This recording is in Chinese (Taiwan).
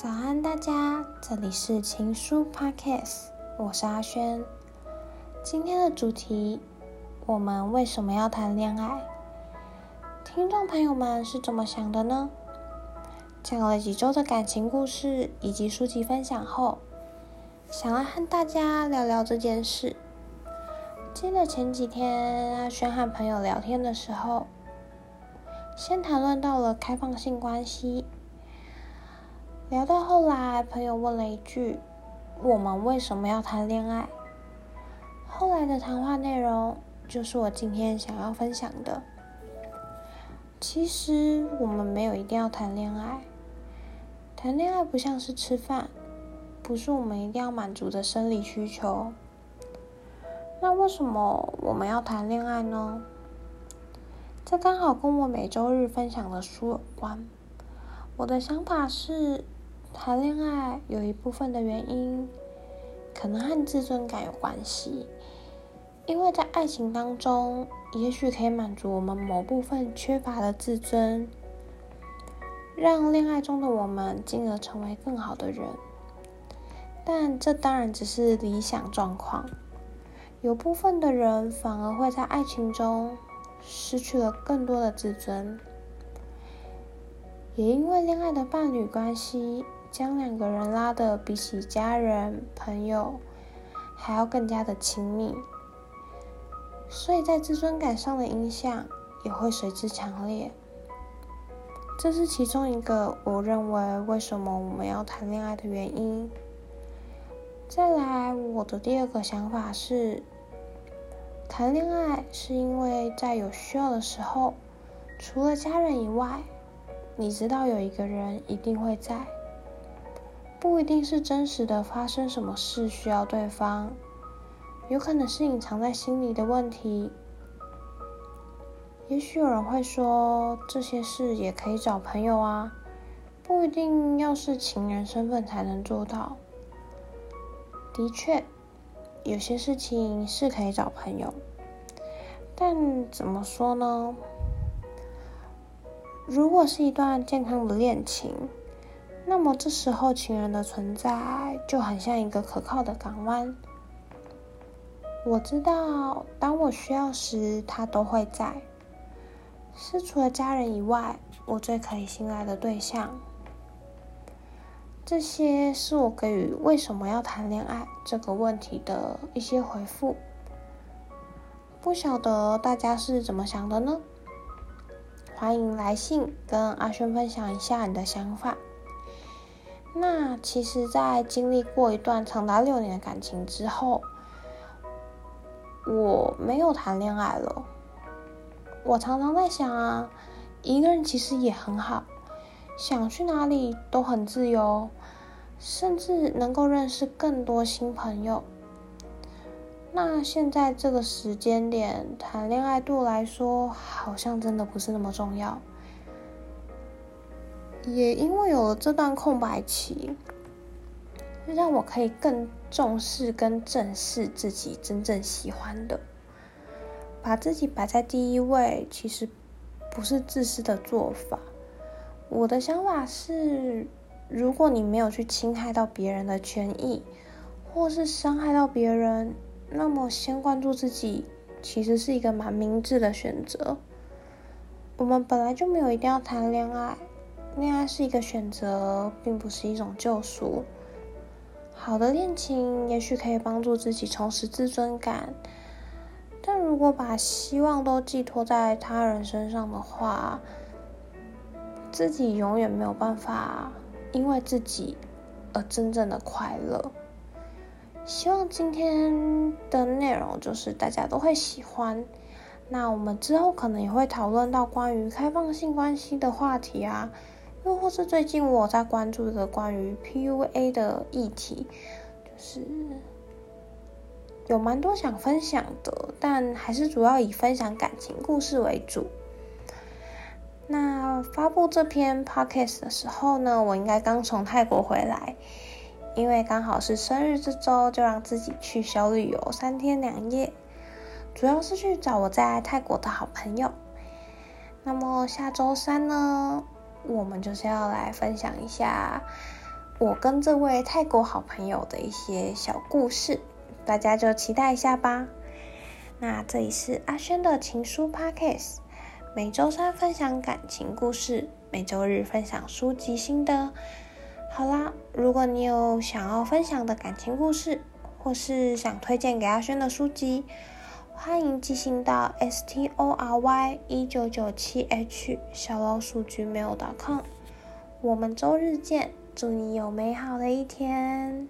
早安，大家！這裡是情書 Podcast，我是阿軒。今天的主題，我們為什麼要談戀愛？聽眾朋友們是怎麼想的呢？講了幾週的感情故事以及書籍分享後，想要和大家聊聊這件事。記得前幾天阿軒和朋友聊天的時候，先談論到了開放性關係。聊到後來，朋友問了一句：“我們為什麼要談戀愛？”後來的談話內容就是我今天想要分享的。其實我們沒有一定要談戀愛，談戀愛不像是吃飯，不是我們一定要滿足的生理需求。那為什麼我們要談戀愛呢？這剛好跟我每週日分享的書有關。我的想法是。談戀愛有一部分的原因，可能和自尊感有關係，因為在愛情當中，也許可以滿足我們某部分缺乏的自尊，讓戀愛中的我們進而成為更好的人。但這當然只是理想狀況，有部分的人反而會在愛情中失去了更多的自尊，也因為戀愛的伴侶關係。將兩個人拉得比起家人朋友還要更加的親密，所以在自尊感上的影響也會隨之強烈。這是其中一個我認為為什麼我們要談戀愛的原因。再來，我的第二個想法是，談戀愛是因為在有需要的時候，除了家人以外，你知道有一個人一定會在。不一定是真實的，發生什麼事需要對方，有可能是隱藏在心裡的問題。也許有人會說，這些事也可以找朋友啊，不一定要是情人身份才能做到。的確，有些事情是可以找朋友，但怎麼說呢？如果是一段健康的戀情。那麼這時候，情人的存在就很像一個可靠的港灣。我知道，當我需要時，他都會在。是除了家人以外，我最可以信賴的對象。這些是我給予“為什麼要談戀愛”這個問題的一些回復。不曉得大家是怎麼想的呢？歡迎來信跟阿軒分享一下你的想法。那其實，在經歷過一段長達六年的感情之後，我沒有談戀愛了。我常常在想啊，一個人其實也很好，想去哪裡都很自由，甚至能夠認識更多新朋友。那現在這個時間點，談戀愛對我來說，好像真的不是那麼重要。也因為有了這段空白期，就讓我可以更重視跟正視自己真正喜歡的，把自己擺在第一位，其實不是自私的做法。我的想法是，如果你沒有去侵害到別人的權益，或是傷害到別人，那麼先關注自己，其實是一個蠻明智的選擇。我們本來就沒有一定要談戀愛。戀愛是一個選擇，並不是一種救贖。好的戀情也許可以幫助自己重拾自尊感，但如果把希望都寄托在他人身上的話，自己永遠沒有辦法因為自己而真正的快樂。希望今天的內容就是大家都會喜歡。那我們之後可能也會討論到關於開放性關係的話題啊。又或是最近我有在關注的關於 PUA 的議題，就是有蠻多想分享的，但還是主要以分享感情故事為主。那發布這篇 Podcast 的時候呢，我應該剛從泰國回來，因為剛好是生日這周，就讓自己去小旅遊三天兩夜，主要是去找我在泰國的好朋友。那麼下周三呢？我們就是要來分享一下我跟這位泰國好朋友的一些小故事，大家就期待一下吧。那這裡是阿軒的情書 Podcast，每周三分享感情故事，每周日分享書籍心得。好啦，如果你有想要分享的感情故事，或是想推薦給阿軒的書籍。歡迎寄信到 S T O R Y 一九九七 H 小老鼠 gmail.com 我們周日見，祝你有美好的一天。